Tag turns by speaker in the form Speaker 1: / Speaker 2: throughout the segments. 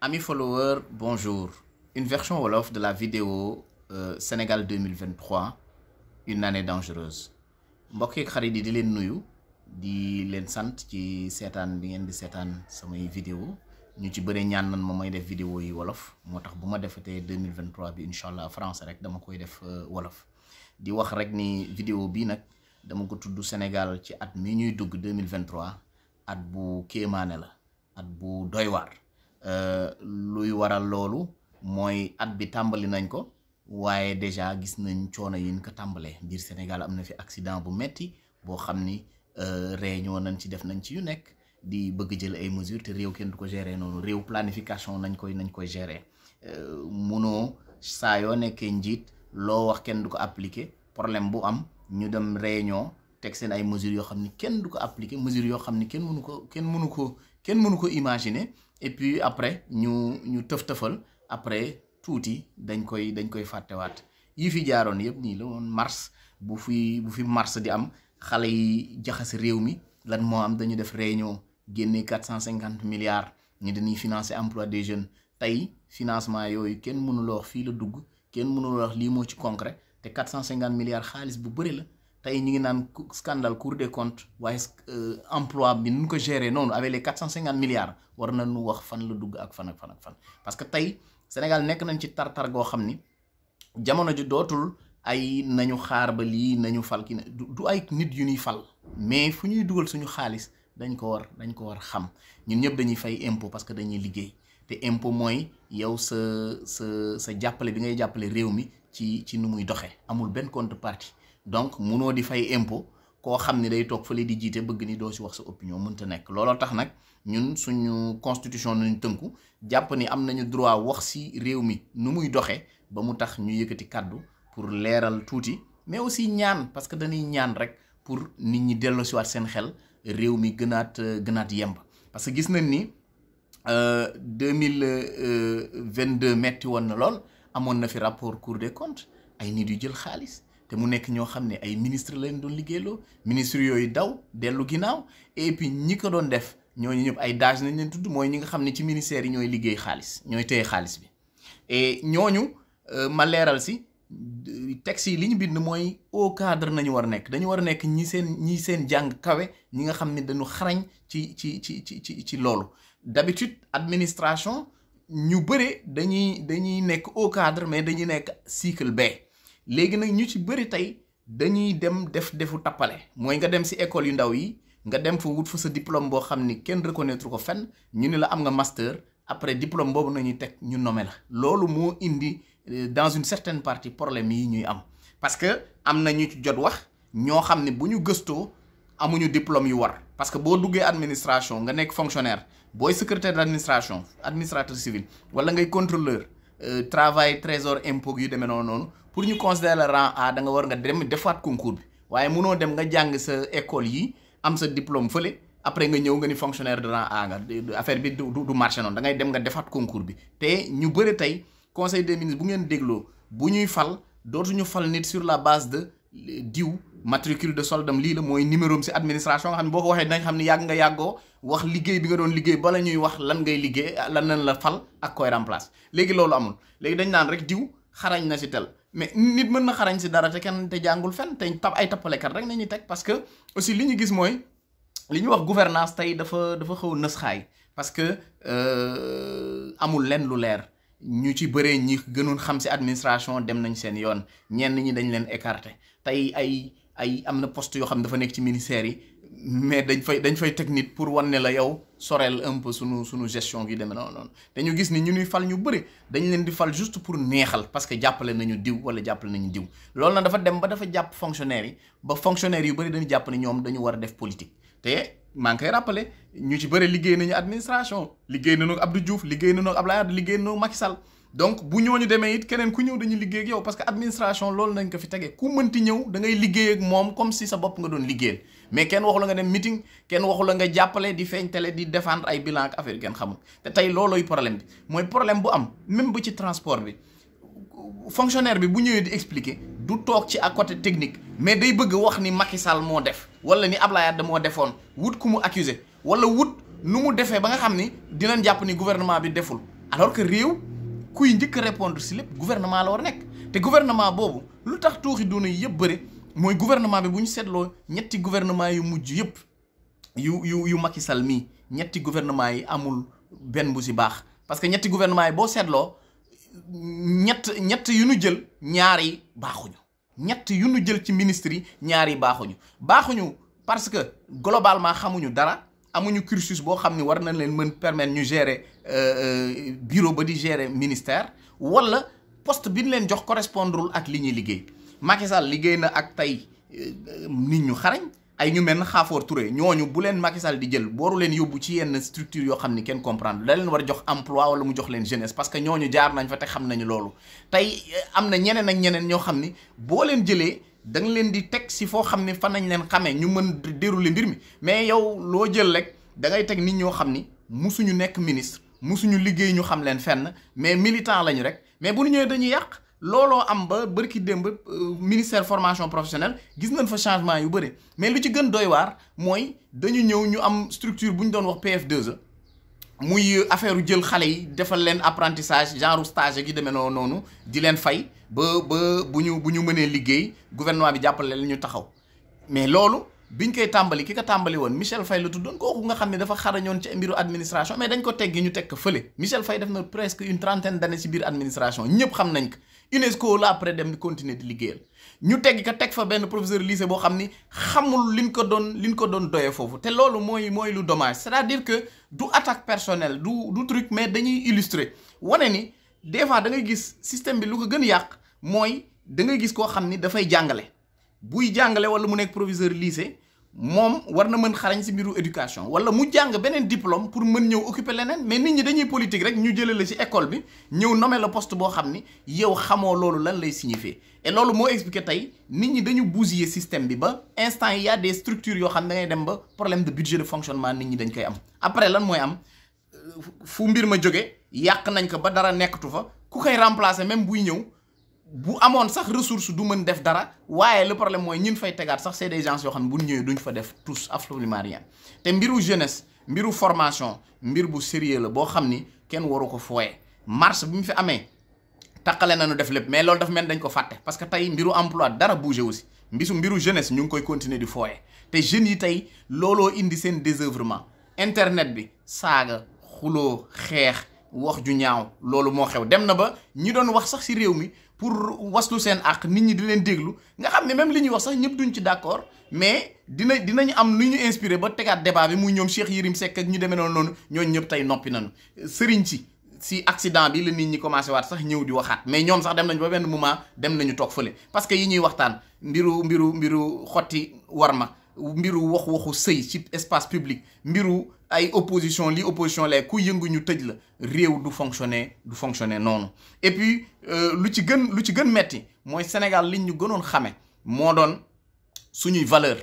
Speaker 1: Amis followers, bonjour. Une version Wolof de la vidéo euh, Sénégal 2023, naa ne dangereuse. mbokk yeeg xarit yi di leen nuyu di leen sant ci seetaan bi ngeen di seetaan samay vidéo ñu ci bëre ñaan nan moom may def vidéo yi wolof moo tax bu ma defatee 2023 bi incha allah français rek dama koy def euh, wolof di wax rek ni vidéo bii nag dama ko tudd Sénégal ci at mi ñuy dugg 2023 at bu kéemaane la at bu doywaar Euh, luy waral loolu mooy at bi tàmbali nañ ko waaye déjà gis nañ coono yin ko tàmbalee biir Sénégal am na fi accident bu metti boo xam ni euh, réunion nañ ci def nañ ci yu nekk di bëgg jël ay mesures te réew kenn du ko gérer noonu réew planification nañ koy nañ koy gérer euh, munoo saa yoo nekkee njiit loo wax kenn du ko appliquer problème bu am ñu dem réunion teg seen ay mesures yoo xam ni kenn du ko appliquer mesures yoo xam ni kenn munu ko kenn mënu ko kenn mënu ko imaginer et puis après ñu ñu tëf-tëfal après tuuti dañ koy dañ koy fàttewaat yi fi jaaroon yëpp nii la woon mars bu fi bu fi mars di am xale yi jaxase réew mi lan moo am dañu def réunion génne quatre cent cinquante milliards ñu dañuy financer emploi des jeunes tey financement yooyu kenn mënuloo wax fii la dugg kenn mënuloo wax lii moo ci concret te quatre cent cinquante milliards xaalis bu bëri la tey ñu ngi naan scandale cour des comptes waaye euh, emploi bi nu ko gérer noonu avec les quatre cent cinquante milliards war na nu wax fan la dugg ak fan ak fan ak parce que tey Sénégal nekk nañ ci tartar goo xam ni jamono ji dootul ay nañu xaar ba lii nañu fal ki du ay nit yu ñuy fal mais fu ñuy dugal suñu xaalis dañ ko war dañ ko war xam ñun ñëpp dañuy fay impôt parce que dañuy liggéey te impôt mooy yow sa sa sa jàppale bi ngay jàppale réew mi ci ci nu muy doxee amul benn contrepartie donc munoo di fay impôt koo xam ni day toog fa fële di jiite bëgg ni doo si wax sa opinion mënta nekk looloo tax nag ñun suñu constitution nañu tënku jàpp ni am nañu droit wax si réew mi nu muy doxee ba mu tax ñu yëkkati kàddu pour leeral tuuti mais aussi ñaan parce que dañuy ñaan rek pour nit ñi delloosiwaat seen xel réew mi gënaat euh, gënaat yemb parce que gis nañ ni euh, deux mille euh, vingt-deux metti woon na lool amoon na fi rapport Cour de comptes ay nit yu jël xaalis. te mu nekk ñoo xam ne ay ministre lañ doon liggéeyloo ministre yooyu daw dellu ginnaaw et puis ñi ko doon def ñooñu ñëpp ay daaj nañ leen tudd mooy ñi nga xam ne ci ministère yi ñooy liggéey xaalis ñooy téye xaalis bi ñooñu euh, ma leeral si texte yi li ñu mooy au cadre nañu war a nekk dañu war a nekk ñi seen ñi seen jàng kawe ñi nga xam ne dañu xarañ ci ci ci ci ci ci loolu d'habitude administration ñu bëre dañuy dañuy nekk au cadre mais dañuy nekk cycle B léegi nag ñu ci bëri tey dañuy dem def defu tappale mooy nga dem si école yu ndaw yi nga dem fa wut fa sa diplôme boo xam ni kenn reconnaître ko fenn ñu ne la am nga master après diplôme boobu nañuy teg ñu nome la loolu moo indi euh, dans une certaine partie problème yi ñuy am parce que am na ñu ci jot wax ñoo xam ne bu ñu gëstoo amuñu diplôme yu war parce que boo duggee administration nga nekk fonctionnaire booy secrétaire d'administration administrateur civil wala ngay contrôleur euh, travail trésor impôt yu demee noonu noonu pour ñu considérer le rang A da nga war nga dem defaat concours bi waaye munoo dem nga jàng sa école yi am sa diplôme fële après nga ñëw nga ni fonctionnaire de rang A nga affaire bi du marché noonu da ngay dem nga defaat concours bi te ñu bëri tey conseil des ministres bu ngeen dégloo bu ñuy fal dootuñu fal nit sur la base de diw matricule de soldam lii la mooy numéro si administration nga xam ne boo ko waxee dañ xam ne yàgg nga yàggoo wax liggéey bi nga doon liggéey bala ñuy wax lan ngay liggéey lan lañ la fal ak koy remplace léegi loolu amul léegi dañ naan rek diw xarañ na si tel mais nit mën na xarañ si dara te kenn te jàngul fen te tab ay tappalekat rek nañuy teg parce que aussi li ñu gis mooy li ñu wax gouvernance tey dafa dafa xaw nësxaay parce que euh, amul lenn lu leer ñu ci bëree ñi gënoon xam si administration dem nañ seen yoon ñenn ñi dañ leen écarté tey ay ay am na poste yoo xam dafa nekk ci ministère yi mais dañ fay dañ fay teg nit pour wan ne la yow soreel un peu sunu sunu gestion gi demee noonu noonu dañu gis ni ñu ñuy fal ñu bëri dañu leen di fal juste pour neexal parce que jàppale nañu diw wala jàppale nañu diw loolu nag dafa dem ba dafa jàpp fonctionnaire yi ba fonctionnaire yu bëri dañu jàpp ne ñoom dañu war a def politique te maa ngi koy rappelé ñu ci bëri liggéey nañu administration liggéey nañu ak Abdou Diouf liggéey nañu ak Abdoulaye Wade liggéey nañu Macky Sall donc bu ñooñu demee it keneen ku ñëw dañuy liggéey ak yow parce que loolu nañ ko fi tegee ku mënti ñëw da ngay liggéey ak moom comme si sa bopp nga doon liggéeyal mais kenn waxu la nga dem meeting kenn waxu la nga jàppale di feeñ di défendre ay bilan ak affaire yu kenn xamul te tey loolooy problème bi mooy problème bu am même bu ci transport bi fonctionnaire bi bu ñëwee di expliquer du toog ci à côté technique mais day bëgg wax ni Macky Sall moo def wala ni Ablaye Wade moo defoon wut ku mu accuser wala wut nu mu defee ba nga xam ni dinañ jàpp ni gouvernement bi deful alors que réew kuy njëkk a si lépp gouvernement la war nekk te gouvernement boobu lu tax tuuxi doona yëpp bëri mooy gouvernement bi bu ñu seetloo ñetti gouvernement yu mujj yëpp yu yu yu Macky Sall mii ñetti gouvernement yi amul benn bu si baax parce que ñetti gouvernement yi boo seetloo ñett ñett yu nu jël ñaari baaxuñu ñett yu nu jël ci ministre yi ñaar baaxuñu baaxuñu parce que globalement xamuñu dara amuñu cursus boo xam ni war nañ leen mën permettre ñu gérer euh, euh, bureau ba di gérer ministère wala poste bi ñu leen jox correspondrul ak li ñuy liggéey Macky liggéey na ak tey euh, nit ñu xarañ ay ñu mel ne Xaafoor ñoo ñu bu leen Macky di jël booru leen yóbbu ci yenn structure yoo xam ni kenn comprendre da leen war a jox emploi wala mu jox leen jeunesse parce que ñooñu jaar nañ fa te xam nañu loolu tey euh, am na ñeneen ak ñeneen ñoo xam ni boo leen jëlee da leen di teg si foo xam ne fan nañ leen xamee ñu mën dérouler mbir mi mais yow loo jël rek da ngay teg nit ñoo xam ni musuñu nekk ministre musuñu liggéey ñu xam leen fenn mais militant lañu rek mais bu ñu ñëwee dañuy yàq looloo am ba bërki démb euh, ministère formation professionnelle gis nañ fa changement yu bëri mais lu ci gën doy waar mooy dañu ñëw ñu am structure bu ñu doon wax PF2E muy euh, affaire jël xale yi defal leen apprentissage genre stage gi demee noonu noonu di leen fay ba ba bu ñu bu ñu mënee liggéey gouvernement bi jàppale leen taxaw mais loolu biñ koy tàmbali ki ko tàmbali woon Michel Faye la tuddoon kooku nga xam ne dafa xarañoon ci mbiru administration mais dañ ko teggi ñu teg ko fële Michel biir administration ñëpp xam nañ ko UNESCO la après dem ni continuer liggéeyal ñu teg ka teg fa benn professeur lycée boo xam ni xamul liñ ko doon li liñ ko doon doyee foofu te loolu mooy mooy lu dommage c'est-à-dire que du attaque personnelle du du truc mais dañuy illustrer wane ni des fois da ngay gis système bi lu ko gën yàq mooy da ngay gis koo xam ni dafay jàngale buy jàngale wala mu nekk proviseur lycée moom war na mën xarañ si mbiru éducation wala mu jàng beneen diplôme pour mën ñëw occuper leneen mais nit ñi dañuy politique rek ñu jëlee la si école bi ñëw nommer la poste boo xam ni yow xamoo loolu lan lay signifier et loolu moo expliqué tey nit ñi dañu bousiller système bi ba instant yi y a des structures yoo xam ne dangay dem ba problème de budget de fonctionnement nit ñi dañ koy am après lan mooy am fu mbir ma jóge yàq nañ ko ba dara nekkatu fa ku koy remplacer même buy ñëw bu amoon sax ressource du mën def dara waaye le problème mooy ñun fay tegaat sax c'est des gens yoo xam ne bu ñëwee duñ fa def tous absolument rien te mbiru jeunesse mbiru formation mbir bu sérieux la boo xam ni kenn waru ko fooye mars bi mu fi amee taqale na nu def lépp mais loolu dafa mel dañ ko fàtte parce que tey mbiru emploi dara bougé aussi si mbiru jeunesse ñu ngi koy continuer di fooye te jeunes yi tey looloo indi seen désœuvrement internet bi saaga xuloo xeex wax ju ñaaw loolu moo xew dem na ba ñi doon wax sax ci réew mi pour waslu seen àq nit ñi di leen déglu nga xam ne même li ñuy wax sax ñëpp duñ ci d'accord mais dina dinañ am lu ñu inspiré ba tegaat débat bi muy ñoom Cheikh Yérim sekk ak ñu deme demee noonu ñooñu ñëpp tey noppi nañu sëriñ si si accident bi la nit ñi commencé waat sax ñëw di waxaat mais ñoom sax dem nañ ba benn moment dem nañu toog fële parce que yi ñuy waxtaan mbiru mbiru mbiru xotti war ma mbiru wax waxu sëy ci espace public mbiru ay opposition li opposition lay ku yëngu ñu tëj la réew du fonctionner du fonctionner noonu et puis euh, lu ci gën lu ci gën metti mooy Sénégal liñ ñu gënoon xame moo doon suñuy valeur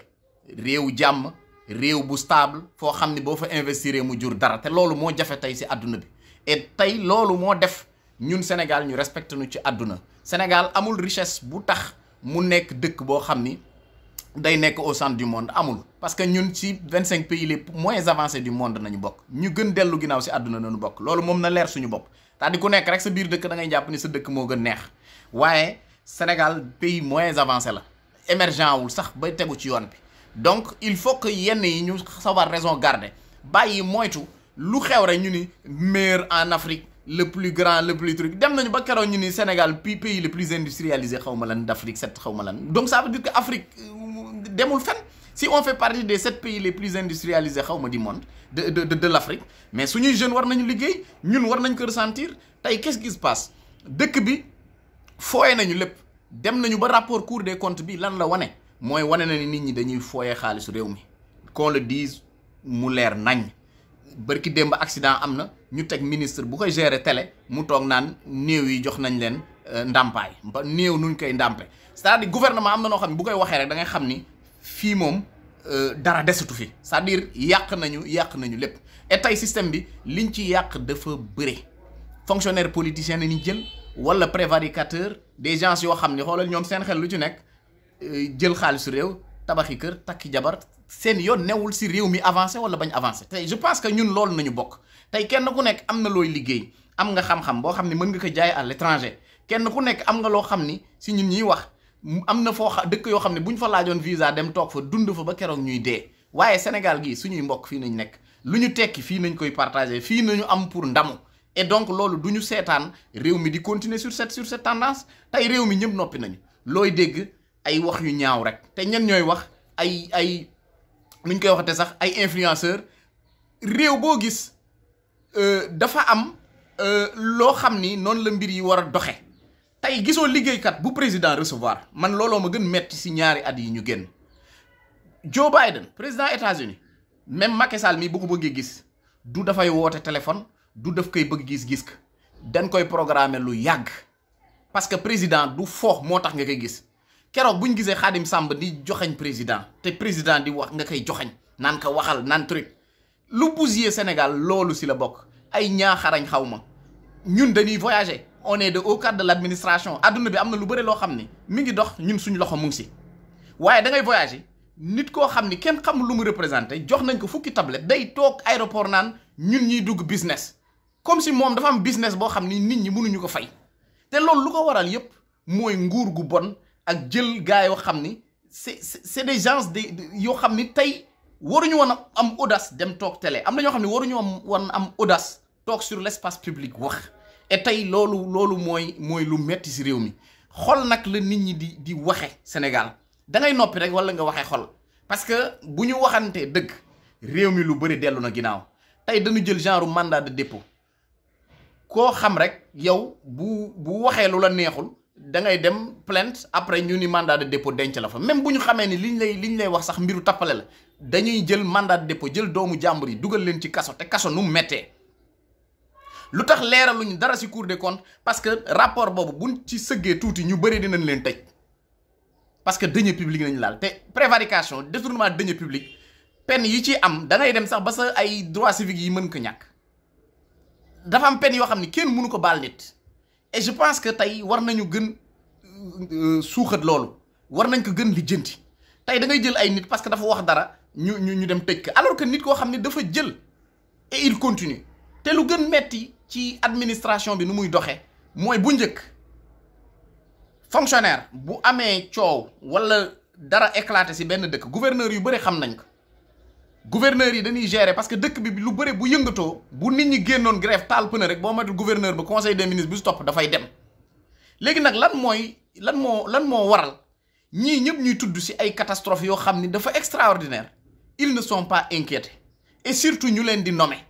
Speaker 1: réew jàmm réew bu stable foo xam ni boo fa investir mu jur dara te loolu moo jafe tey si àdduna bi et tey loolu moo def ñun Sénégal ñu respecté nu ci àdduna Sénégal amul richesse bu tax mu nekk dëkk boo xam ni day nekk au centre du monde amul parce que ñun ci vingt cinq pays les moins avancé du monde nañu bokk ñu gën dellu ginnaaw si àdduna nañu bokk loolu moom na leer suñu bopp cest à ku nekk rek sa biir dëkk da ngay jàpp ni sa dëkk moo gën neex waaye Sénégal pays moins avancé la émergent wul sax ba tegu ci yoon bi donc il faut que yenn yi ñu sawar raison garder bàyyi moytu lu xew rek ñu ni meilleur en Afrique le plus grand le plus truc dem nañu ba keroog ñu ni Sénégal pi pays le plus industrialisé xaw ma lan d'Afrique set xaw ma lan donc ça veut dire euh, demul fenn si on fait partie des sept pays les plus industrialisés xaw ma di monde de de de, de l'Afrique mais suñuy jeune war nañu liggéey ñun war nañ ko ressentir tey qu'est-ce qui se passe dëkk bi fooye nañu lépp dem nañu ba rapport Cour des comptes bi lan la wane mooy wane na nit ñi dañuy fooye xaalisu réew mi qu'on le dise mu leer nañ. bërki démb accident am na ñu teg ministre bu koy gérer tele mu toog naan néew yi jox nañ leen euh, ndàmpaay ba néew nuñ koy ndàmpe cest dire gouvernement am na noo xam ne bu koy waxee rek da xam ni fii moom euh, dara desatu fi sa à dire yàq nañu yàq nañu lépp et tey système bi liñ ci yàq dafa bëre fonctionnaire politicien la ñu jël wala prévaricateur des gens yoo xam ne xoolal ñoom seen xel lu ci nekk euh, jël xaalisu réew tabaxi kër takki jabar seen yoon newul si réew mi avancé wala bañ avancé tey je pense que ñun loolu nañu bokk tey kenn ku nekk am na looy liggéey am nga xam-xam boo xam ne mën nga ko jaay à l'étranger kenn ku nekk am nga loo xam ni si ñun ñuy wax am na foo xa dëkk yoo xam ne bu ñu fa laajoon visa dem toog fa dund fa ba keroog ñuy dee waaye Sénégal gii suñuy mbokk fii nañ nekk lu ñu tekki fii nañ koy partagé fii nañu am pour ndamu et donc loolu du ñu seetaan réew mi di continuer sur cette sur cette tendance tey réew mi ñëpp noppi nañu looy dégg ay wax yu ñaaw rek te ñen ñooy wax ay ay nuñ koy waxate sax ay influenceur réew boo gis euh, dafa am euh, loo xam ni noonu la mbir yi war a doxe tey gisoo liggéeykat bu président recevoir man looloo ma gën metti ci ñaari at yi ñu génn Joe Biden président États-Unis même Macky Sall mii bu ko bëggee gis du dafay woote téléphone du daf koy bëgg gis gis ko dañ koy programmer lu yàgg parce que président du foox moo tax nga koy gis keroog bu ñu gisee Xaadim Samb di joxañ président te président di wax nga koy joxañ naan ko waxal naan truc lu bousiller Sénégal loolu si la bokk ay ñaaxarañ xaw ma ñun dañuy voyager on est de haut cadre de l'administration adduna bi am na lu bëri loo xam ni mi ngi dox ñun suñ loxo mu ngi si waaye da ngay nit koo xam ni kenn xamul lu mu représenté jox nañ ko fukki tablette day toog aéroport naan ñun ñuy dugg business comme si moom dafa am business boo xam ni nit ñi mënuñu ko fay te loolu lu ko waral yépp mooy nguur gu bon ak jël gars yoo xam ni c'est c'est des de yoo xam ni tey waruñu woon am audace dem toog am na ñoo xam ne waruñu am woon am audace toog sur l'espace public wax et tey loolu loolu mooy mooy lu metti ci réew mi xol nag la nit ñi di di waxe Sénégal da ngay noppi rek walla nga waxe xol parce que bu ñu waxantee dëgg réew mi lu bëri dellu na ginnaaw tey dañu jël genre mandat de dépôt koo xam rek yow bu bu waxee lu la neexul da ngay dem plainte après ñu ni mandat de dépôt denc la fa même bu ñu xamee ni liñ lay liñ lay wax sax mbiru tappale la dañuy jël mandat de dépôt jël doomu jàmbur yi dugal leen ci kaso te kaso nu mettee lu tax leeraluñu dara ci cour des comptes parce que rapport boobu buñ ci sëggee tuuti ñu bëri dinañ leen tëj parce que deniers publics nañu laal te prévarication détournement de deniers publics peine yi ci am da ngay dem sax ba sa ay droits civiques yi mën ko ñàkk dafa am peine yoo xam ni kenn mënu ko baal nit et je pense que tey war nañu gën euh, suuxat loolu war nañ ko gën lijjanti tey da ngay jël ay nit parce que dafa wax dara ñu ñu ñu dem tëj ko alors que nit koo xam ne dafa jël et il continue te lu gën metti ci administration bi nu muy doxee mooy bu njëkk fonctionnaire bu amee coow walla dara éclaté si benn dëkk gouverneur yu bëri xam nañ ko gouverneur yi dañuy gérer parce que dëkk bi lu bëri bu yëngatoo bu nit ñi génnoon grève taal pëne rek boo matul gouverneur ba conseil des ministres bi su topp dafay dem léegi nag lan mooy lan moo lan moo waral ñii ñëpp ñuy tudd ci ay catastrophe yoo xam ni dafa extraordinaire il ne son pas inquiétés et surtout ñu leen di nommer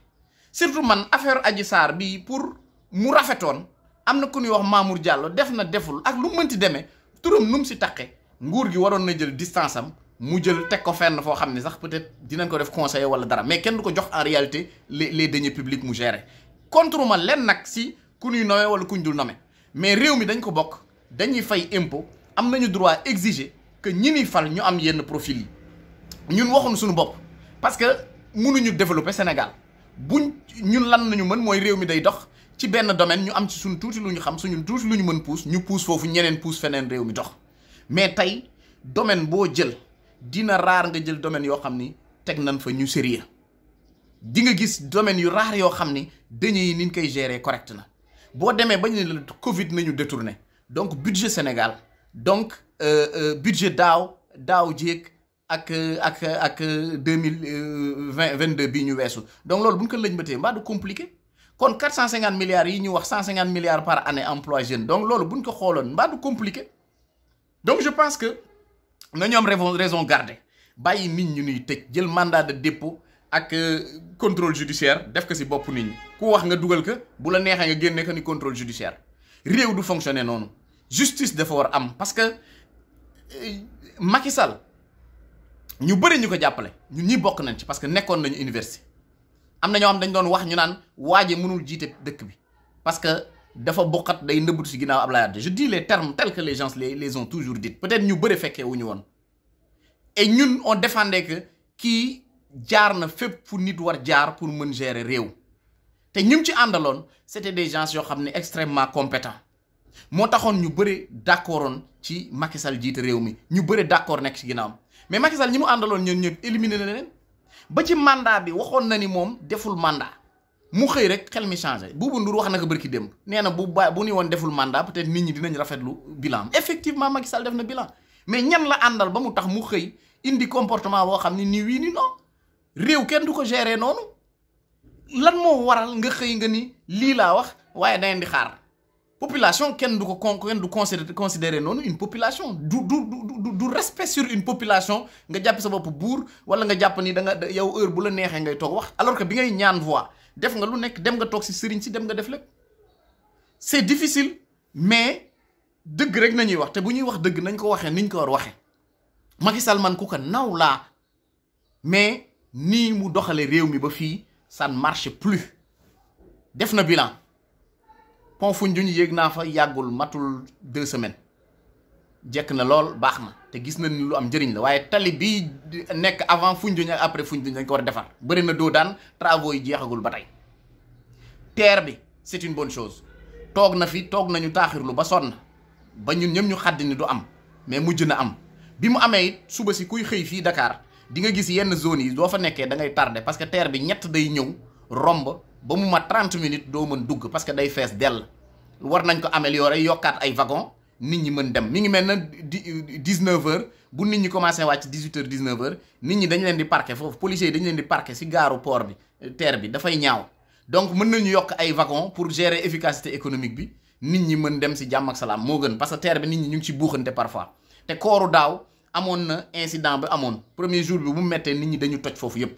Speaker 1: surtout man affaire Adji saar bi pour mu rafetoon am na ku ñuy wax Mamour Diallo def na deful ak lu mënti demee turam nu mu ci taqe nguur gi waroon na jël distance am mu jël teg ko fenn foo xam ne sax peut-être dinañ ko def conseiller wala dara mais kenn du ko jox en réalité les les deniers publics mu gérer contre ma leen nag si ku ñuy nommer wala ku ñu dul nommer mais réew mi dañ ko bokk dañuy fay impôt am nañu droit exiger que ñi ni fal ñu am yenn profil yi ñun waxuñu suñu bopp parce que mënuñu développer Sénégal buñ ñun lan nañu mën mooy réew mi day dox ci benn domaine ñu am ci suñu tuuti lu ñu xam suñu tuuti lu ñu mën puus ñu puus foofu ñeneen puus réew mi dox mais tey domaine boo jël. dina raar nga jël domaine yoo xam ni teg nañ fa ñu sérieux di nga gis domaine yu raar yoo xam ni deniers yi niñ koy gérer correct na boo demee ba ñu ne la Covid nañu détourné donc budget Sénégal donc euh, euh, budget daaw daaw jéeg ak ak ak deux mille vingt vingt deux bi ñu weesu donc loolu bu ñu ko lëñbatee mbaa du kon quatre cent cinquante milliards yi ñu wax cent cinquante milliards par année emploi jeune donc loolu bu ko xooloon mbaa du pense que. na ñoom raison garde bàyyi nit ñu nuy tëj jël mandat de dépôt ak euh, contrôle judiciaire def ko si bopp nit ñi ku wax nga dugal ko bu la neexee nga génne ko ni contrôle judiciaire réew du fonctionner noonu justice dafa war am parce que euh, Macky Sall ñu bëri ñu ko jàppale ñun ñi bokk nañ ci parce que nekkoon nañu université am na ñoo xam dañ doon wax ñu naan waaje mënul jiite dëkk bi parce dafa bokkat day nëbbatu si ginnaaw Ablaye Wade je dis les terme tels que les gens les les ont toujours dit peut-être ñu bëri fekkee wu ñu woon et ñun on défendait que kii jaar na fépp fu nit war jaar pour mën gérer réew te ñim ci àndaloon c'était des gens yoo xam ne extrêmement compétents moo taxoon ñu bëri oon ci Macky Sall jiite réew mi ñu bëri d'accord nekk ci ginnaawam mais Macky Sall mu àndaloon ñoom ñëpp éliminé na leen ba ci mandat bi waxoon na ni moom deful mandat mu xëy rek xel mi changé Bouba Ndour wax na ko bërki démb nee na bu ba bu ni woon deful mandat peut-être nit ñi dinañ rafetlu bilan effectivement Macky Sall def na bilan mais ñan la àndal ba mu tax mu xëy indi comportement boo xam ni nii wii ni non réew kenn du ko gérer noonu lan moo waral nga xëy nga ni lii laa wax waaye day ndi xaar population kenn du ko con kenn du considéré considéré noonu une population du du du du respect sur une population nga jàpp sa bopp buur wala nga jàpp ni da nga yow heure bu la neexee ngay toog wax alors que bi ngay ñaan voix def nga lu nekk dem nga toog si sëriñ si dem nga def lépp c'est difficile mais dëgg rek nañuy wax te bu ñuy wax dëgg nañ ko waxee niñ ko war waxee Macky Sall man ku ko naw laa mais nii mu doxale réew mi ba fii ça marché marche plus def na bilan Pont Foundiougne yéeg naa fa yàggul matul deux semaines jekk na lool baax na te gis nañ lu am njëriñ la waaye tali bi nekk avant Foundiougne ak après Foundiougne dañ ko war a defar bëri na doo daan travaux yi jeexagul ba tey terre bi c'est une bonne chose toog na fi toog nañu lu ba sonn ba ñun ñëpp ñu xàdd ni du am mais mujj na am bi mu amee it suba si kuy xëy fii dakaar di nga gis yenn zone yi doo fa nekkee da ngay tardé parce que terre bi ñett day ñëw romb ba mu mat 30 minutes doo mën dugg parce que day fees dell war nañ ko améliorer yokkaat ay wagon nit ñi mën dem mi ngi mel na dix neuf heures bu nit ñi commencé wàcc dix huit heures dix neuf nit ñi dañ leen di parquer foofu policiers yi dañ leen di parquer si gaaru port bi euh, terre bi dafay ñaaw donc mën nañu yokk ay wagon pour gérer efficacité économique bi nit ñi mën dem si jàmm ak salaam moo gën parce que terre bi nit ñi ñu ngi ci buuxante parfois te kooru daaw amoon na incident bi amoon premier jour bi bu mettee nit ñi dañu toj foofu yëpp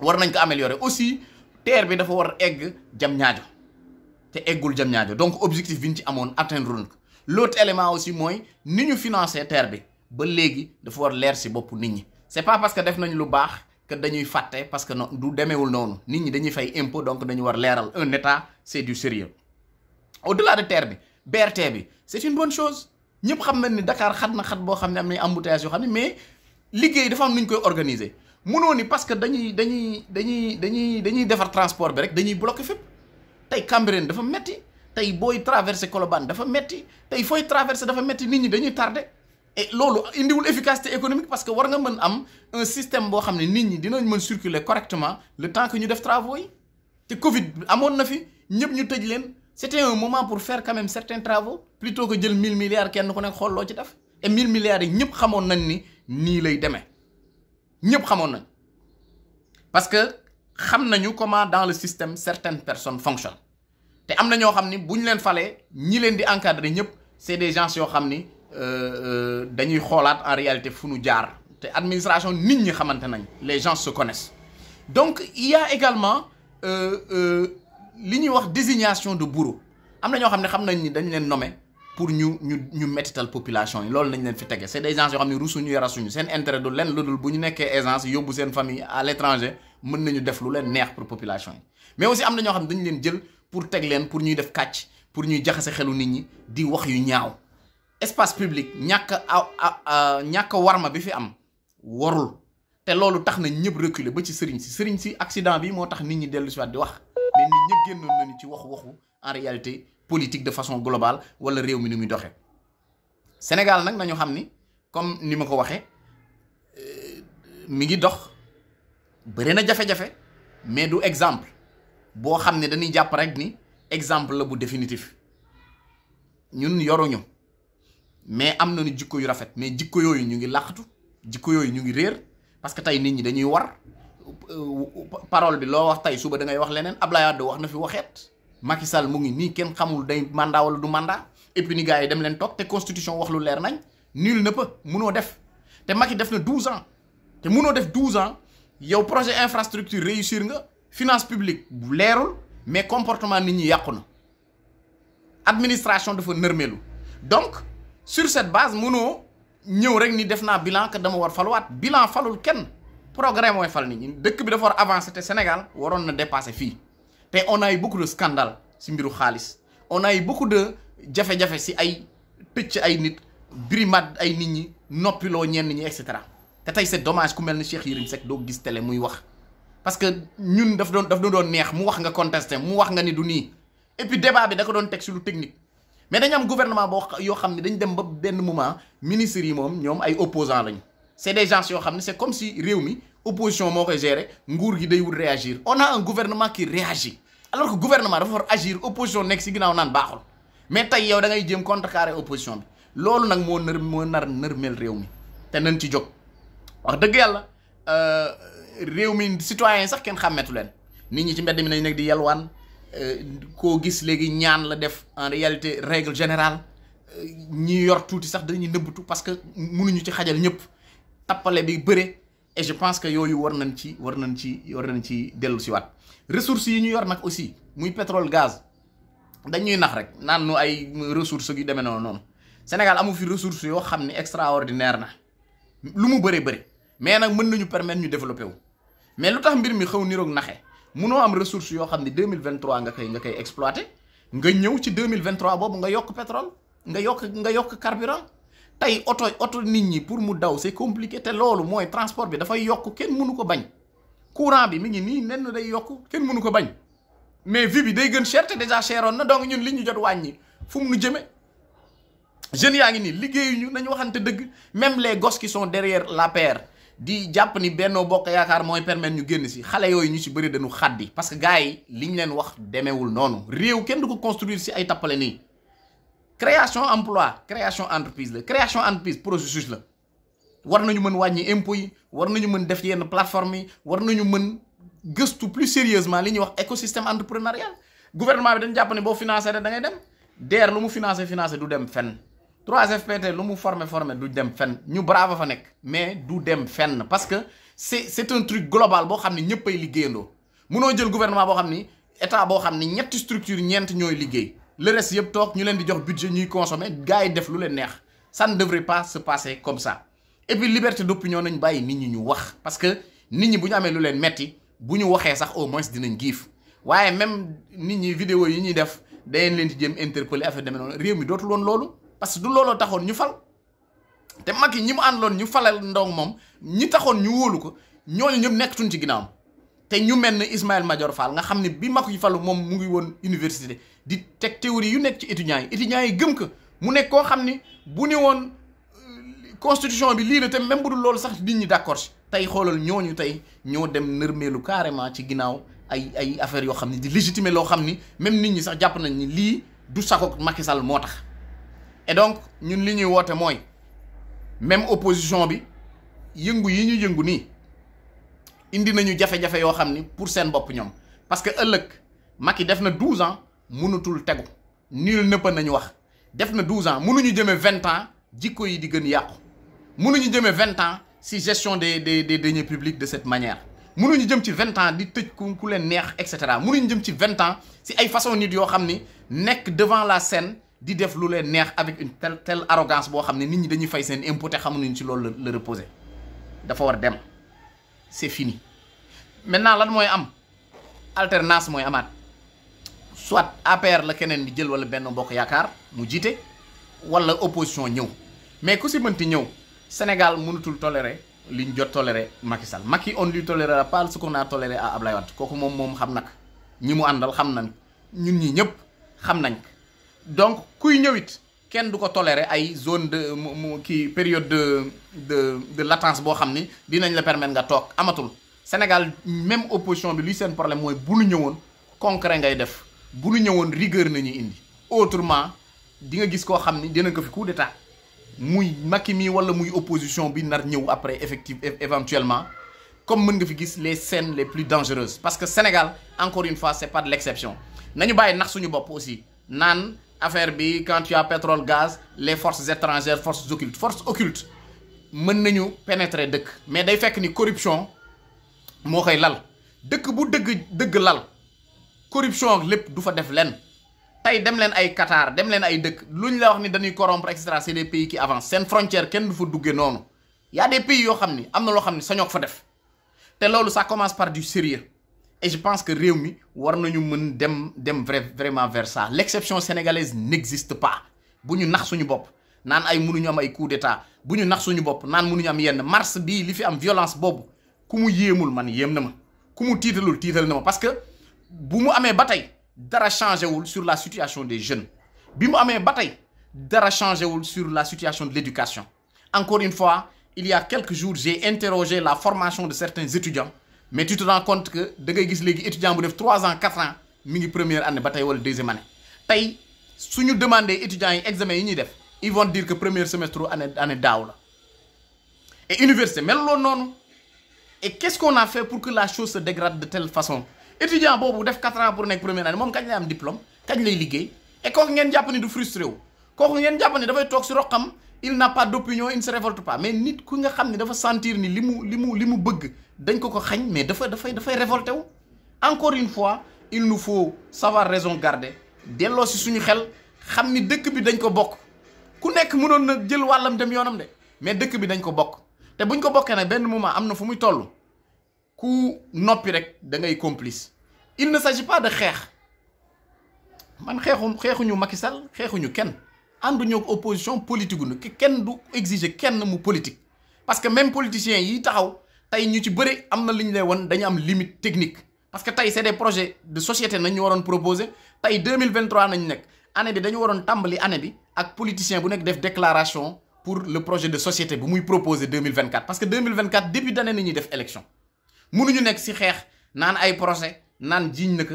Speaker 1: war nañ ko améliorer aussi terre bi dafa war egg jam ñaajo te eggul jam ñaajo donc objectif bi ñu ci amoon atteindre ko l'autre élément aussi mooy ni ñu financer TER bi ba léegi dafa war leer si bopp nit ñi c'est pas parce que def nañ lu baax que dañuy fàtte parce que non du demeewul noonu nit ñi dañuy fay impôt donc dañu war leeral un état c'est du sérieux au-delà de TER bi BRT bi c'est une bonne chose ñëpp xam nañ ni Dakar xat na xat boo xam ne am nañ embouteillage yoo xam ne mais liggéey dafa am nu koy organiser mënoo ni parce que dañuy dañuy dañuy dañuy dañuy defar transport bi rek dañuy bloquer fépp tey Cambérène dafa metti tey booy traversé Colobane dafa metti tey fooy traversé dafa metti nit ñi dañuy tardé et loolu indiwul efficacité économique parce que war nga mën am un système boo xam ne nit ñi dinañ mën circuler correctement le temps que ñu def travaux yi te Covid amoon na fi ñëpp ñu tëj leen c'était un moment pour faire quand même certains travaux plutôt que jël 1000 milliards kenn ko nekk xool ci def et 1000 milliards yi ñëpp xamoon nañ ni nii lay demee ñëpp xamoon nañ parce que xam nañu comment dans le système certaines personnes fonctionnent. te am na ñoo xam ni bu ñu leen falee ñi leen di encadrer ñëpp c'est des gens yoo xam ni euh, euh, dañuy xoolaat en réalité fu nu jaar te administration nit ñi xamante nañ les gens se donc il y a également euh, li ñuy wax désignation de bureau ne xam nañ ni dañ leen nommer pour ñu ñu ñu mettital population yi loolu nañ leen fi tege c'est des gens yoo xam ne rusuñu yarasuñu seen intérêt du leen lu dul bu ñu nekkee aisance yóbbu seen famille à l'étranger mën nañu def lu leen neex pour population yi mais aussi am na ñoo xam ne dañu leen jël pour teg leen pour ñuy def kàcc pour ñuy jaxase xelu nit ñi di wax yu ñaaw espace public ñàkk a ñàkk warma bi fi am warul te loolu tax na ñëpp reculer ba ci sëriñ si sëriñ si accident bi moo tax nit ñi dellu si waat di wax mais nit ñëpp génnoon nañu ci waxu waxu en réalité politique de façon globale wala réew mi ni muy doxee Sénégal nag nañu xam ni comme ni ma ko waxee euh, mi ngi dox bëri na jafe-jafe mais du exemple boo xam ne dañuy jàpp rek ni exemple la bu définitif ñun yoruñu mais am na nañu jikko yu rafet mais jikko yooyu ñu ngi làqatu jikko yooyu ñu ngi réer parce que tey nit ñi dañuy war parole bi loo wax tey suba dangay wax leneen Ablaye Wade wax na fi waxeet Macky Sall mu ngi nii kenn xamul day mandat wala du mandat et puis ni gars yi dem leen toog te constitution wax lu leer nañ nul ne peut munoo def te Macky def na 12 ans te munoo def 12 ans yow projet infrastructure réussir nga. finance publique bu leerul mais comportement nit ñi yàqu na administration dafa nërmeelu donc sur cette base mënoo ñëw rek ni def naa bilan que dama war faluwaat bilan falul kenn programme mooy fal nit ñi dëkk bi dafa war avancer te Sénégal waroon na dépasser fii te on a eu beaucoup de scandale si mbiru xaalis on a eu beaucoup de jafe-jafe si ay tëcc ay nit brimade ay nit ñi noppiloo ñeen ñi et cetera te tey c'est dommage ku mel ni Cheikh Yérim Seck doo gis télé muy wax parce que ñun daf doon daf doon neex mu wax nga contesté mu wax nga ni du nii et puis bi da doon teg si lu technique mais dañu am gouvernement boo yoo xam ne dañ dem ba benn moment ministres yi moom ñoom ay opposants lañu c'est des gens yoo xam ne c'est comme si réew mi opposition moo koy gérer nguur gi day wut réagir on a un gouvernement qui réagit alors que gouvernement dafa war agir opposition nekk si ginnaaw naan baaxul mais tey yow da ngay jéem contrecarrer opposition bi loolu nag moo nër moo nar nërmel réew mi te nañ ci jóg wax dëgg euh, réew mi citoyen sax kenn xàmmetu leen nit ñi ci mbedd mi nañ nekk di yalwaan euh, koo gis léegi ñaan la def en réalité règle générale euh, ñi yor tuuti sax dañuy nëbbatu parce que munuñu ci xajal ñëpp tappale bi bëre et je pense que yooyu war nañ ci war nañ ci war nañ ci dellu siwaat waat yi ñu yor nag aussi muy pétrole gaz dañuy nax rek naan nu ay ressources gi demee noonu noonu Sénégal amu fi ressources yoo xam ne extraordinaire na lu mu bëree bëri mais nag mën nañu permettre ñu développer wu mais lu tax mbir mi xaw niroog naxe munoo am ressource yoo xam ne 2023 nga koy nga koy exploité nga ñëw ci 2023 boobu nga yokk petrole nga yokk nga yokk carburant tey oto oto nit ñi pour mu daw c'est compliqué te loolu mooy transport bi dafay yokk kenn mënu ko bañ courant bi mi ngi nii nen day yokk kenn mënu ko bañ mais vie day gën cherte te déjà cheroon na donc ñun li ñu jot wàññi fu mu nu jëme jeunes yaa ngi nii liggéeyuñu nañu waxante dëgg même les gos qui sont derrière la paire di jàpp ni Benno Bokk Yaakaar mooy permettre ñu génn si xale yooyu ñu si bëri dañu xaddi parce que gars li ñu leen wax demeewul noonu réew kenn du ko construire si ay tappale nii création emploi création entreprise la création entreprise processus la war nañu mën wàññi impôts yi war nañu mën def yenn plateforme yi war nañu mën gëstu plus sérieusement li ñu wax écosystème entrepreneurial gouvernement bi dañ jàpp ne boo financé rek da ngay dem DER lu mu financé financé du dem fenn 3FPT lu mu formé formé du dem fen ñu brave fa nekk mais du dem fenn parce que c'est c'est un truc global boo xam ne ñëpp ay liggéeyandoo munoo jël gouvernement boo xam ni état boo xam ni ñetti structure ñeent ñooy liggéey le reste yëpp toog ñu leen di jox budget ñuy consommer gars yi def lu leen neex ça ne devrait pas se passer comme ça et puis liberté d'opinion nañ bàyyi nit ñi ñu wax parce que nit ñi bu ñu amee lu leen metti bu ñu waxee sax au moins dinañ giif waaye même nit ñi vidéo yi ñuy def dañ leen di jëm interpeller affaire demee noonu réew mi dootul woon loolu parce que du looloo taxoon ñu fal te mag yi ñi mu àndaloon ñu falal ndong moom ñi taxoon ñu wóolu ko ñooñu ñëpp nekkatuñ ci ginnaawam te ñu mel ne Ismaël Madior Fall nga xam ne bi mag yi falu moom mu ngi woon université di teg théorie yu nekk ci étudiants yi étudiants yi gëm ko mu nekk koo xam ni bu ne woon euh, constitution bi lii la te même bu dul loolu sax nit ñi d'accord si tey xoolal ñoo ñu tey ñoo dem nërmeelu carrément ci ginnaaw ay ay affaire yoo xam ne di légitimer loo xam ni même nit ñi sax jàpp nañ ni lii du sakoog Macky Sall moo tax. et donc ñun li ñuy woote mooy même opposition bi yëngu yi ñu yëngu nii indi nañu jafe-jafe yoo xam ni pour seen bopp ñoom parce que ëllëg yi def na douze ans mënutul tegu nul nëppa nañu wax def na douze mënu ñu jëmee vingt ans jikko yi di gën yàqu mënuñu jëmee vingt ans si gestion des des des deniers de cette manière mënuñu jëm ci vingt ans di tëj ku ku leen neex et cetera ñu jëm ci vingt ans si ay façon nit yoo xam ni nekk devant la scène di def lu leen neex avec une telle arrogance boo xam ne nit ñi dañu fay seen impôt te xamuñu ci loolu la reposer dafa war dem c'est fini maintenant lan mooy am alternance mooy amaat soit APR la keneen di jël wala benn mbokk yaakaar mu jiite wala opposition ñëw mais ku si mënti ñëw Sénégal mënutul tolérer li ñu jot tolérer Macky Sall Macky on lui tolérera pas ce qu'on a toléré à Ablaye kooku moom moom xam nag ñi mu àndal xam nañ ñun ñi ñëpp xam nañ donc kuy ñëw it kenn du ko tolérer ay zone de mu ki période de de de latence boo xam ni dinañ la permettre nga toog amatul Sénégal même opposition bi luy seen problème mooy bu nu ñëwoon concret ngay def bu nu ñëwoon rigueur nañu indi autrement di nga gis koo xam ni dina ko fi coup d'état muy Macky mii wala muy opposition bi nar ñëw après effective éventuellement comme mën nga fi gis les scènes les plus dangereuses parce que Sénégal encore une fois c'est pas de l'exception nañu bàyyi nax suñu bopp aussi affaire bi quand tu pétrole gaz les forces étrangères forces occultes forces occultes mën nañu pénétrer dëkk mais day fekk ni corruption moo koy lal dëkk bu dëgg dëgg lal corruption lépp du fa def lenn tey dem leen ay Qatar dem leen ay dëkk luñ la wax ni dañuy corrompre et cetera c'est des pays qui seen frontière kenn du fa duggee noonu y a des pays yoo xam ni am na loo xam ni sañoo ko fa def te loolu ça commence par du sérieux et je pense que réew mi war nañu mën dem dem vrai vraiment vers ça l'exception sénégalaise n'existe pas bu ñu nax suñu bopp naan ay mënuñu am ay coup d'état bu ñu nax suñu bopp naan mënuñu am yenn mars bii li fi am violence boobu ku mu yéemul man yéem na ma ku mu tiitalul tiital na parce que bu mu amee ba tey dara changé sur la situation des jeunes bi mu amee ba tey dara changé wul sur la situation de l'éducation encore une fois il y a quelques jours j'ai la formation de certains étudiants mais tu te rends que da ngay gis léegi étudiant bu def trois ans quatre ans mi ngi première année ba tey wala deuxième année tey suñu demandé étudiants yi examen yi ñuy def ils vont dire que première semestre année année daaw la et université mel loolu noonu et qu'est-ce qu'on a fait pour que la chose se dégrade de telle façon étudiant boobu def quatre ans pour nekk première année moom kañ lay am diplôme kañ lay liggéey et kooku ngeen jàpp ni du frustré wu kooku ngeen jàpp ni dafay toog si il n'a pas d'opinion il ne se révolte pas mais nit ku nga xam ne dafa sentir ni li mu li mu li mu bëgg dañ ko ko xañ mais dafa dafay dafay révolté wu encore une fois il nous faut savoir raison garde delloo si suñu xel xam ni dëkk bi dañ ko bokk ku nekk mënoon na jël wàllam dem yoonam de mais dëkk bi dañ ko bokk te buñ ko bokkee nag benn moment am na fu muy toll ku noppi rek da ngay complice il ne s'agit pas de xeex man xeexu xeexuñu Macky Sall xeexuñu kenn ànduñoo ak opposition politique nu kenn du exiger kenn mu politique parce que même politiciens yi taxaw tey ñu ci bëri am na li ñu lay won dañu am limite technique parce que tey c'est des projets de société nañ ñu waroon proposer tey 2023 nañ nekk année bi dañu waroon tàmbali année bi ak politicien bu nekk def déclaration pour le projet de société bu muy proposer 2024 parce que 2024 début d'année na ñuy def élection mënuñu nekk si xeex naan ay projet naan jiiñ na ko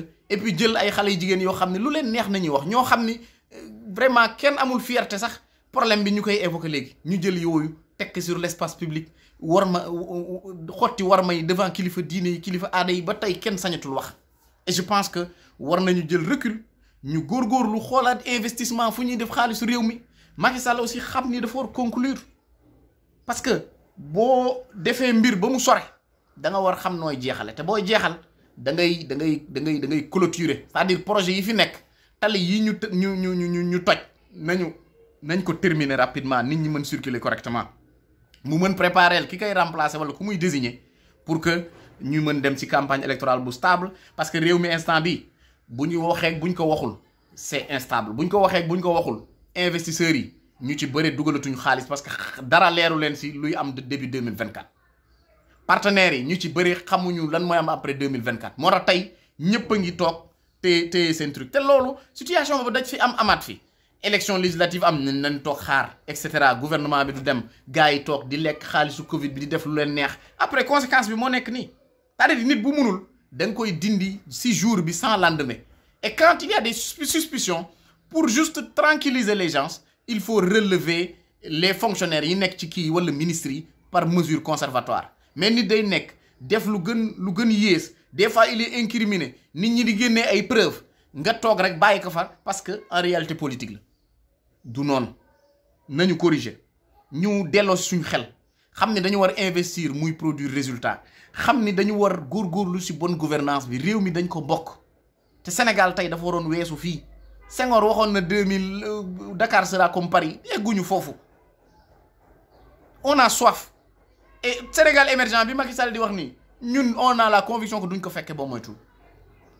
Speaker 1: jël ay xale yu jigéen yoo xam ne lu leen neex nañuy wax ñoo xam ni vraiment kenn amul fierte sax problème bi ñu koy évoqué léegi ñu jël yooyu tekk sur l' espace public war ma xotti war ma yi devant kilifa diine yi kilifa aada yi ba tey kenn sañatul wax et je pense que war nañu jël recul ñu góor góor góorgóorlu xoolaat investissement fu ñuy def xaalisu réew mi Macky Sall aussi xam ni dafa war conclure parce que boo defee mbir ba mu sore da nga war xam nooy jeexale te booy jeexal dangay ngay da ngay da ngay da ngay clôturer c'est-à-dire projet yi fi nekk tali yi ñu ñu ñu ñu ñu toj nañu nañ ko terminer rapidement nit ñi mën circuler correctement mu mën préparer ki koy remplacer wala ku muy désigner pour que ñu mën dem ci campagne électorale bu stable parce que réew mi instant bi bu ñu waxee buñ ko waxul c'est instable buñ ko waxee buñ ko waxul investisseurs yi ñu ci bëre dugalatuñu xaalis parce que dara leeru leen ci luy am début 2024 partenaires yi ñu ci bëri xamuñu lan mooy am après 2024 moo tax tey ñëpp a ngi toog te te seen te loolu situation boobu daj fi am amaat fi élection législative am nañ nañ toog xaar et cetera gouvernement bi du dem gars yi toog di lekk xaalisu Covid bi di def lu leen neex après conséquence bi moo nekk nii c'est-à-dire nit bu munul danga koy dindi si jour bi sans lendemain et quand il y a des suspicions pour juste tranquilliser les gens il faut relever les fonctionnaires yi nekk ci kii wala ministres yi par mesure conservatoire mais nit day nekk def lu gën lu gën yées des fois il est incriminé nit ñi di génnee ay preuves nga toog rek bàyyi ko fa parce que en réalité politique la du noonu nañu corriger ñu delloo suñu xel xam ne dañu war investir muy produit résultat xam ni dañu war góor góorgóorlu si bon gouvernance bi réew mi dañ ko bokk te Sénégal tey dafa waroon weesu fii Senghor waxoon na 2000 euh, Dakar sera comme Paris yegguñu foofu on a soif et Sénégal émergent bi Macky Sall di wax nii. ñun on a la conviction que duñ ko fekkee boo moytu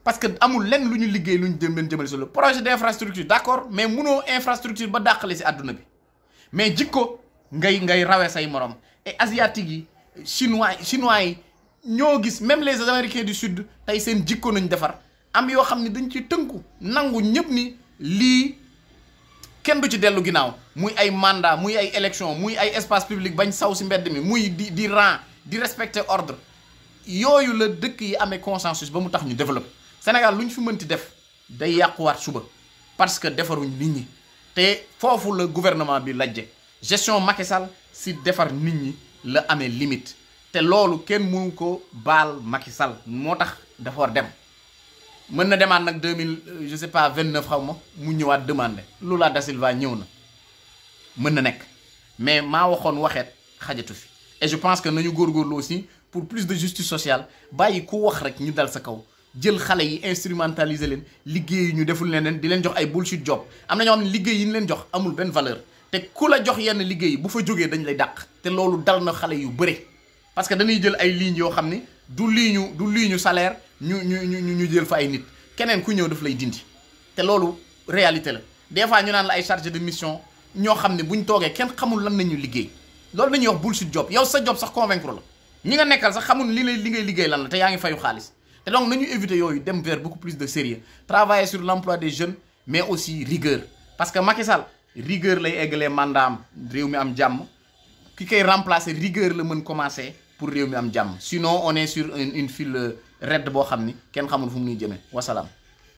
Speaker 1: parce que amul lenn lu ñu liggéey lu ñu jëm leen jëmale le projet d' infrastructure mais munoo infrastructure ba dàqale si àdduna bi mais jikko ngay ngay rawee say morom et asiatique yi chinois chinois yi ñoo gis même les américains du sud tey seen jikko nañu defar am yoo xam ne dañu ci tënku nangu ñëpp ni lii kenn du ci dellu ginnaaw muy ay mandat muy ay élection muy ay espace public bañ saw si mbedd mi muy di di rang di respecter ordre yooyu la dëkk yi amee consensus ba mu tax ñu développé Sénégal lu ñu fi mënti def day yàquwaat suba parce que defaruñ nit ñi te foofu la gouvernement bi lajje gestion Macky Sall si defar nit ñi la amee limite te loolu kenn mu ko baal Macky Sall moo tax dafa war dem mën na demaat nag deux mille euh, je sais pas xaw ma mu ñëwaat demandé Lula da Silva ñëw na mën na nekk mais maa waxoon waxeet xajatu fi et je pense que nañu góorgóorlu aussi pour plus de justice sociale bàyyi ku wax rek ñu dal sa kaw jël xale yi instrumentaliser leen liggéey ñu deful leneen di leen jox ay bullshit job am na ñoo xam ne liggéey yi ñu leen jox amul benn valeur te ku la jox yenn liggéey bu fa jógee dañ lay dàq te loolu dal na xale yu bëre parce que dañuy jël ay lignes yoo xam ni du lii ñu du lii ñu salaire ñu ñu ñu ñu jël fa ay nit keneen ku ñëw daf lay dindi te loolu réalité la des fois ñu naan la ay chargé de mission ñoo xam ne buñ toogee kenn xamul lan nañu liggéey loolu dañuy wax bullshit job yow sa job sax convaincre la ñi nga nekkal sax xamul li li ngay liggéey lan la te yaa ngi fayu xaalis te donc nañu éviter yooyu dem vers beaucoup plus de sérieux travailler sur l'emploi des jeune mais aussi rigueur parce que makisal Sall rigueur lay eggalee mandat am réew mi am jàmm ki koy remplacer rigueur la mën commencer pour réew mi am jàmm sinon on est sur une file euh, raide boo xam ni kenn xamul fu mu nuy jëmee wasalaam.